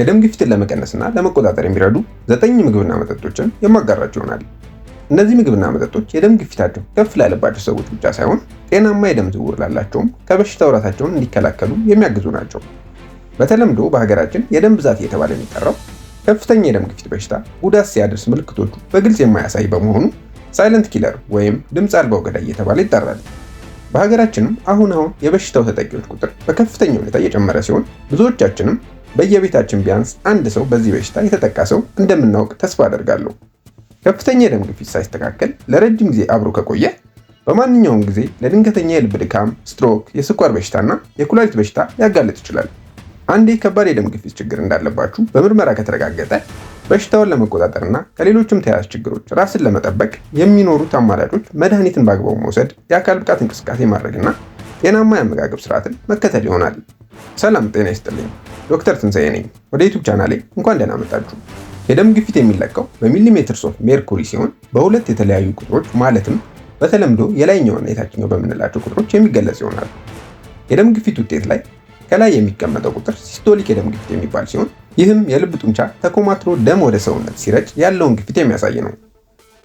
የደም ግፊትን ለመቀነስና ለመቆጣጠር የሚረዱ ዘጠኝ ምግብና መጠጦችን የማጋራችሁ ይሆናል። እነዚህ ምግብና መጠጦች የደም ግፊታቸው ከፍ ላለባቸው ሰዎች ብቻ ሳይሆን ጤናማ የደም ዝውውር ላላቸውም ከበሽታው ራሳቸውን እንዲከላከሉ የሚያግዙ ናቸው። በተለምዶ በሀገራችን የደም ብዛት እየተባለ የሚጠራው ከፍተኛ የደም ግፊት በሽታ ጉዳት ሲያደርስ ምልክቶቹ በግልጽ የማያሳይ በመሆኑ ሳይለንት ኪለር ወይም ድምፅ አልባው ገዳይ እየተባለ ይጠራል። በሀገራችንም አሁን አሁን የበሽታው ተጠቂዎች ቁጥር በከፍተኛ ሁኔታ እየጨመረ ሲሆን ብዙዎቻችንም በየቤታችን ቢያንስ አንድ ሰው በዚህ በሽታ የተጠቃ ሰው እንደምናውቅ ተስፋ አደርጋለሁ። ከፍተኛ የደም ግፊት ሳይስተካከል ለረጅም ጊዜ አብሮ ከቆየ በማንኛውም ጊዜ ለድንገተኛ የልብ ድካም፣ ስትሮክ፣ የስኳር በሽታና የኩላሊት በሽታ ሊያጋልጥ ይችላል። አንዴ ከባድ የደም ግፊት ችግር እንዳለባችሁ በምርመራ ከተረጋገጠ በሽታውን ለመቆጣጠርና ከሌሎችም ተያያዥ ችግሮች ራስን ለመጠበቅ የሚኖሩት አማራጮች መድኃኒትን በአግባቡ መውሰድ፣ የአካል ብቃት እንቅስቃሴ ማድረግና ጤናማ የአመጋገብ ስርዓትን መከተል ይሆናል። ሰላም ጤና ይስጥልኝ። ዶክተር ትንሳኤ ነኝ። ወደ ዩቱብ ቻናሌ እንኳን ደህና መጣችሁ። የደም ግፊት የሚለካው በሚሊሜትር ኦፍ ሜርኩሪ ሲሆን በሁለት የተለያዩ ቁጥሮች ማለትም በተለምዶ የላይኛውና የታችኛው በምንላቸው ቁጥሮች የሚገለጽ ይሆናል። የደም ግፊት ውጤት ላይ ከላይ የሚቀመጠው ቁጥር ሲስቶሊክ የደም ግፊት የሚባል ሲሆን ይህም የልብ ጡንቻ ተኮማትሮ ደም ወደ ሰውነት ሲረጭ ያለውን ግፊት የሚያሳይ ነው።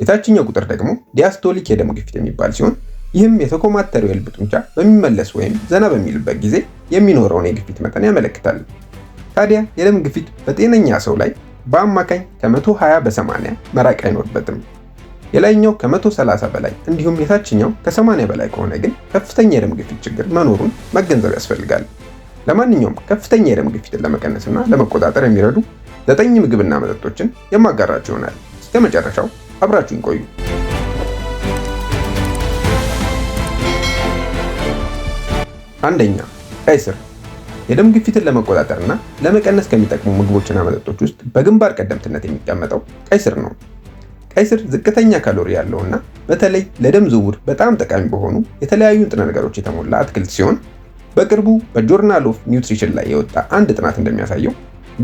የታችኛው ቁጥር ደግሞ ዲያስቶሊክ የደም ግፊት የሚባል ሲሆን ይህም የተኮማተረው የልብ ጡንቻ በሚመለስ ወይም ዘና በሚልበት ጊዜ የሚኖረውን የግፊት መጠን ያመለክታል። ታዲያ የደም ግፊት በጤነኛ ሰው ላይ በአማካኝ ከ120 በ80 መራቅ አይኖርበትም። የላይኛው ከ130 በላይ እንዲሁም የታችኛው ከ80 በላይ ከሆነ ግን ከፍተኛ የደም ግፊት ችግር መኖሩን መገንዘብ ያስፈልጋል። ለማንኛውም ከፍተኛ የደም ግፊትን ለመቀነስና ለመቆጣጠር የሚረዱ ዘጠኝ ምግብና መጠጦችን የማጋራችሁ ይሆናል። እስከ መጨረሻው አብራችሁን ቆዩ። አንደኛ ቀይ ስር የደም ግፊትን ለመቆጣጠር እና ለመቀነስ ከሚጠቅሙ ምግቦችና መጠጦች ውስጥ በግንባር ቀደምትነት የሚቀመጠው ቀይ ስር ነው። ቀይ ስር ዝቅተኛ ካሎሪ ያለውና በተለይ ለደም ዝውውር በጣም ጠቃሚ በሆኑ የተለያዩ ንጥረ ነገሮች የተሞላ አትክልት ሲሆን በቅርቡ በጆርናል ኦፍ ኒውትሪሽን ላይ የወጣ አንድ ጥናት እንደሚያሳየው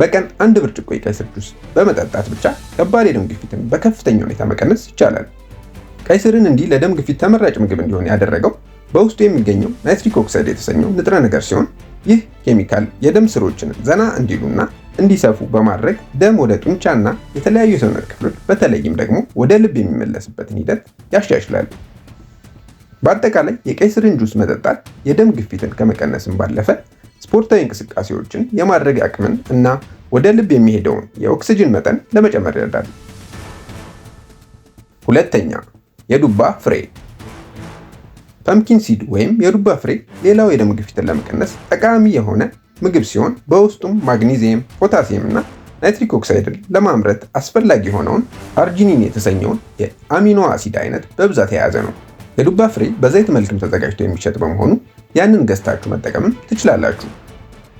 በቀን አንድ ብርጭቆ የቀይ ስር ጁስ በመጠጣት ብቻ ከባድ የደም ግፊትን በከፍተኛ ሁኔታ መቀነስ ይቻላል። ቀይ ስርን እንዲህ ለደም ግፊት ተመራጭ ምግብ እንዲሆን ያደረገው በውስጡ የሚገኘው ናይትሪክ ኦክሳይድ የተሰኘው ንጥረ ነገር ሲሆን ይህ ኬሚካል የደም ስሮችን ዘና እንዲሉና እንዲሰፉ በማድረግ ደም ወደ ጡንቻና የተለያዩ የሰውነት ክፍሎች በተለይም ደግሞ ወደ ልብ የሚመለስበትን ሂደት ያሻሽላል። በአጠቃላይ የቀይ ስርን ጁስ መጠጣት የደም ግፊትን ከመቀነስም ባለፈ ስፖርታዊ እንቅስቃሴዎችን የማድረግ አቅምን እና ወደ ልብ የሚሄደውን የኦክስጅን መጠን ለመጨመር ይረዳል። ሁለተኛ የዱባ ፍሬ ፐምኪን ሲድ ወይም የዱባ ፍሬ ሌላው የደም ግፊትን ለመቀነስ ጠቃሚ የሆነ ምግብ ሲሆን በውስጡም ማግኒዚየም፣ ፖታሲየም እና ናይትሪክ ኦክሳይድን ለማምረት አስፈላጊ የሆነውን አርጂኒን የተሰኘውን የአሚኖ አሲድ አይነት በብዛት የያዘ ነው። የዱባ ፍሬ በዘይት መልክም ተዘጋጅቶ የሚሸጥ በመሆኑ ያንን ገዝታችሁ መጠቀምም ትችላላችሁ።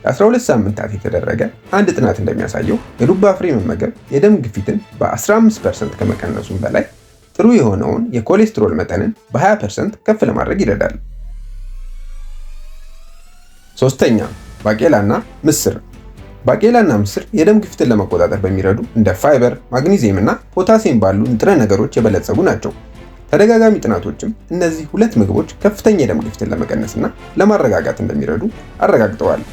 ለ12 ሳምንታት የተደረገ አንድ ጥናት እንደሚያሳየው የዱባ ፍሬ መመገብ የደም ግፊትን በ15 ፐርሰንት ከመቀነሱም በላይ ጥሩ የሆነውን የኮሌስትሮል መጠንን በ20 ፐርሰንት ከፍ ለማድረግ ይረዳል። ሶስተኛ ባቄላና ምስር። ባቄላና ምስር የደም ግፊትን ለመቆጣጠር በሚረዱ እንደ ፋይበር፣ ማግኒዚየም እና ፖታሲየም ባሉ ንጥረ ነገሮች የበለጸጉ ናቸው። ተደጋጋሚ ጥናቶችም እነዚህ ሁለት ምግቦች ከፍተኛ የደም ግፊትን ለመቀነስ እና ለማረጋጋት እንደሚረዱ አረጋግጠዋል።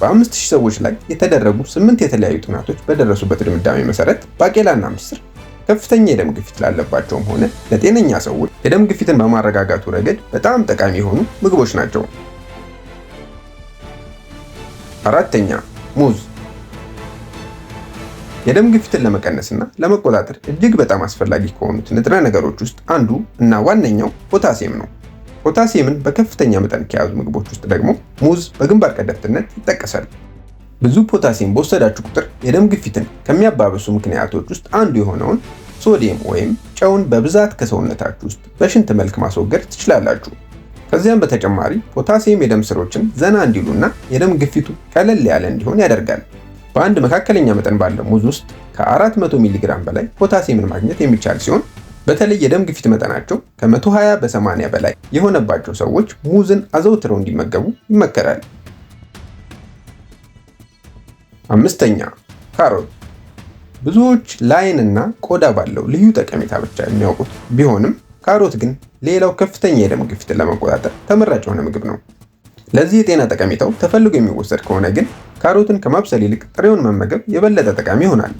በ በ5000 ሰዎች ላይ የተደረጉ ስምንት የተለያዩ ጥናቶች በደረሱበት ድምዳሜ መሰረት ባቄላና ምስር ከፍተኛ የደም ግፊት ላለባቸውም ሆነ ለጤነኛ ሰዎች የደም ግፊትን በማረጋጋቱ ረገድ በጣም ጠቃሚ የሆኑ ምግቦች ናቸው። አራተኛ ሙዝ። የደም ግፊትን ለመቀነስና ለመቆጣጠር እጅግ በጣም አስፈላጊ ከሆኑት ንጥረ ነገሮች ውስጥ አንዱ እና ዋነኛው ፖታሲየም ነው። ፖታሲየምን በከፍተኛ መጠን ከያዙ ምግቦች ውስጥ ደግሞ ሙዝ በግንባር ቀደምትነት ይጠቀሳል። ብዙ ፖታሲየም በወሰዳችሁ ቁጥር የደም ግፊትን ከሚያባብሱ ምክንያቶች ውስጥ አንዱ የሆነውን ሶዲየም ወይም ጨውን በብዛት ከሰውነታችሁ ውስጥ በሽንት መልክ ማስወገድ ትችላላችሁ። ከዚያም በተጨማሪ ፖታሲየም የደም ስሮችን ዘና እንዲሉና የደም ግፊቱ ቀለል ያለ እንዲሆን ያደርጋል። በአንድ መካከለኛ መጠን ባለው ሙዝ ውስጥ ከ400 ሚሊግራም በላይ ፖታሲየምን ማግኘት የሚቻል ሲሆን በተለይ የደም ግፊት መጠናቸው ከ120 በ80 በላይ የሆነባቸው ሰዎች ሙዝን አዘውትረው እንዲመገቡ ይመከራል። አምስተኛ ካሮት ብዙዎች እና ቆዳ ባለው ልዩ ጠቀሜታ ብቻ የሚያውቁት ቢሆንም ካሮት ግን ሌላው ከፍተኛ የደም ግፊትን ለመቆጣጠር ተመራጭ የሆነ ምግብ ነው። ለዚህ የጤና ጠቀሜታው ተፈልጎ የሚወሰድ ከሆነ ግን ካሮትን ከማብሰል ይልቅ ጥሬውን መመገብ የበለጠ ጠቃሚ ይሆናል።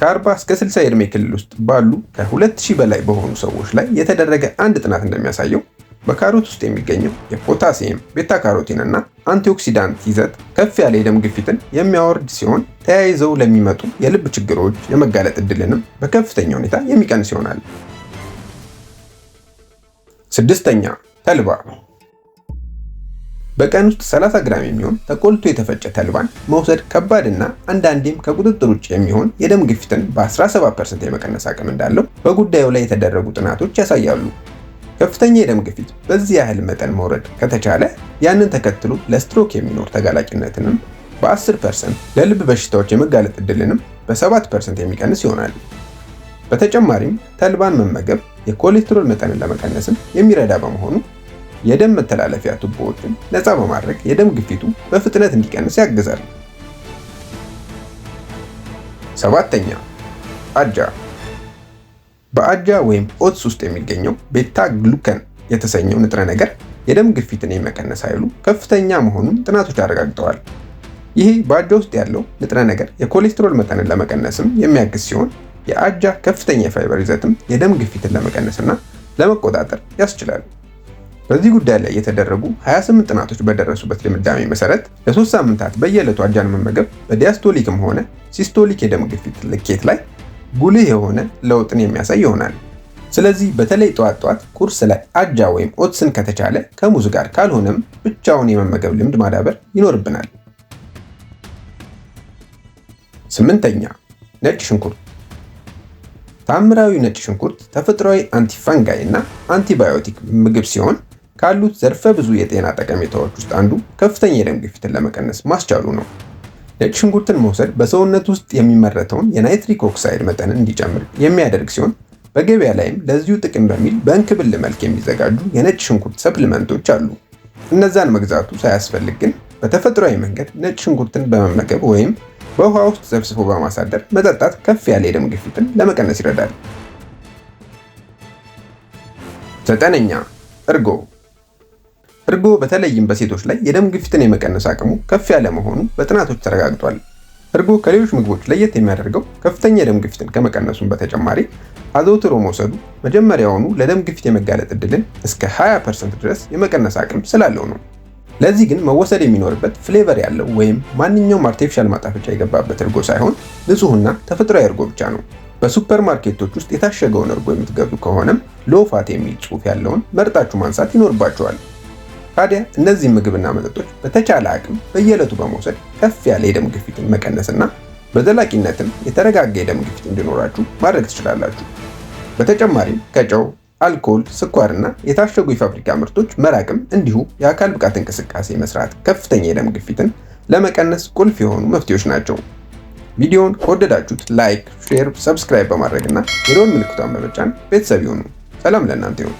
ከ40 እስከ 60 የዕድሜ ክልል ውስጥ ባሉ ከ2000 በላይ በሆኑ ሰዎች ላይ የተደረገ አንድ ጥናት እንደሚያሳየው በካሮት ውስጥ የሚገኘው የፖታሲየም ቤታ ካሮቲን እና አንቲኦክሲዳንት ይዘት ከፍ ያለ የደም ግፊትን የሚያወርድ ሲሆን ተያይዘው ለሚመጡ የልብ ችግሮች የመጋለጥ እድልንም በከፍተኛ ሁኔታ የሚቀንስ ይሆናል። ስድስተኛ ተልባ በቀን ውስጥ 30 ግራም የሚሆን ተቆልቶ የተፈጨ ተልባን መውሰድ ከባድና አንዳንዴም ከቁጥጥር ውጭ የሚሆን የደም ግፊትን በ17% የመቀነስ አቅም እንዳለው በጉዳዩ ላይ የተደረጉ ጥናቶች ያሳያሉ። ከፍተኛ የደም ግፊት በዚህ ያህል መጠን መውረድ ከተቻለ ያንን ተከትሎ ለስትሮክ የሚኖር ተጋላጭነትንም በ10 ፐርሰንት ለልብ በሽታዎች የመጋለጥ እድልንም በ7 ፐርሰንት የሚቀንስ ይሆናል። በተጨማሪም ተልባን መመገብ የኮሌስትሮል መጠንን ለመቀነስም የሚረዳ በመሆኑ የደም መተላለፊያ ቱቦዎችን ነፃ በማድረግ የደም ግፊቱ በፍጥነት እንዲቀንስ ያግዛል። ሰባተኛ አጃ በአጃ ወይም ኦትስ ውስጥ የሚገኘው ቤታ ግሉከን የተሰኘው ንጥረ ነገር የደም ግፊትን የመቀነስ ኃይሉ ከፍተኛ መሆኑን ጥናቶች አረጋግጠዋል። ይሄ በአጃ ውስጥ ያለው ንጥረ ነገር የኮሌስትሮል መጠንን ለመቀነስም የሚያግዝ ሲሆን የአጃ ከፍተኛ የፋይበር ይዘትም የደም ግፊትን ለመቀነስና ለመቆጣጠር ያስችላል። በዚህ ጉዳይ ላይ የተደረጉ 28 ጥናቶች በደረሱበት ድምዳሜ መሰረት ለሶስት ሳምንታት በየዕለቱ አጃን መመገብ በዲያስቶሊክም ሆነ ሲስቶሊክ የደም ግፊት ልኬት ላይ ጉልህ የሆነ ለውጥን የሚያሳይ ይሆናል። ስለዚህ በተለይ ጠዋት ጠዋት ቁርስ ላይ አጃ ወይም ኦትስን ከተቻለ ከሙዝ ጋር ካልሆነም ብቻውን የመመገብ ልምድ ማዳበር ይኖርብናል። ስምንተኛ ነጭ ሽንኩርት። ታምራዊ ነጭ ሽንኩርት ተፈጥሯዊ አንቲፈንጋይ እና አንቲባዮቲክ ምግብ ሲሆን ካሉት ዘርፈ ብዙ የጤና ጠቀሜታዎች ውስጥ አንዱ ከፍተኛ የደም ግፊትን ለመቀነስ ማስቻሉ ነው። ነጭ ሽንኩርትን መውሰድ በሰውነት ውስጥ የሚመረተውን የናይትሪክ ኦክሳይድ መጠንን እንዲጨምር የሚያደርግ ሲሆን በገበያ ላይም ለዚሁ ጥቅም በሚል በእንክብል መልክ የሚዘጋጁ የነጭ ሽንኩርት ሰፕሊመንቶች አሉ። እነዛን መግዛቱ ሳያስፈልግ ግን በተፈጥሯዊ መንገድ ነጭ ሽንኩርትን በመመገብ ወይም በውሃ ውስጥ ዘፍስፎ በማሳደር መጠጣት ከፍ ያለ የደም ግፊትን ለመቀነስ ይረዳል። ዘጠነኛ እርጎ እርጎ በተለይም በሴቶች ላይ የደም ግፊትን የመቀነስ አቅሙ ከፍ ያለ መሆኑ በጥናቶች ተረጋግጧል። እርጎ ከሌሎች ምግቦች ለየት የሚያደርገው ከፍተኛ የደም ግፊትን ከመቀነሱም በተጨማሪ አዘውትሮ መውሰዱ መጀመሪያውኑ ለደም ግፊት የመጋለጥ እድልን እስከ 20% ድረስ የመቀነስ አቅም ስላለው ነው። ለዚህ ግን መወሰድ የሚኖርበት ፍሌቨር ያለው ወይም ማንኛውም አርቲፊሻል ማጣፈጫ የገባበት እርጎ ሳይሆን ንጹህና ተፈጥሯዊ እርጎ ብቻ ነው። በሱፐር ማርኬቶች ውስጥ የታሸገውን እርጎ የምትገዙ ከሆነም ሎፋት የሚል ጽሑፍ ያለውን መርጣችሁ ማንሳት ይኖርባችኋል። ታዲያ እነዚህ ምግብና መጠጦች በተቻለ አቅም በየዕለቱ በመውሰድ ከፍ ያለ የደም ግፊትን መቀነስና በዘላቂነትም የተረጋጋ የደም ግፊት እንዲኖራችሁ ማድረግ ትችላላችሁ። በተጨማሪም ከጨው፣ አልኮል፣ ስኳርና የታሸጉ የፋብሪካ ምርቶች መራቅም እንዲሁ የአካል ብቃት እንቅስቃሴ መስራት ከፍተኛ የደም ግፊትን ለመቀነስ ቁልፍ የሆኑ መፍትሄዎች ናቸው። ቪዲዮውን ከወደዳችሁት ላይክ፣ ሼር፣ ሰብስክራይብ በማድረግና የደወል ምልክቷን በመጫን ቤተሰብ ይሁኑ። ሰላም ለእናንተ ይሁን።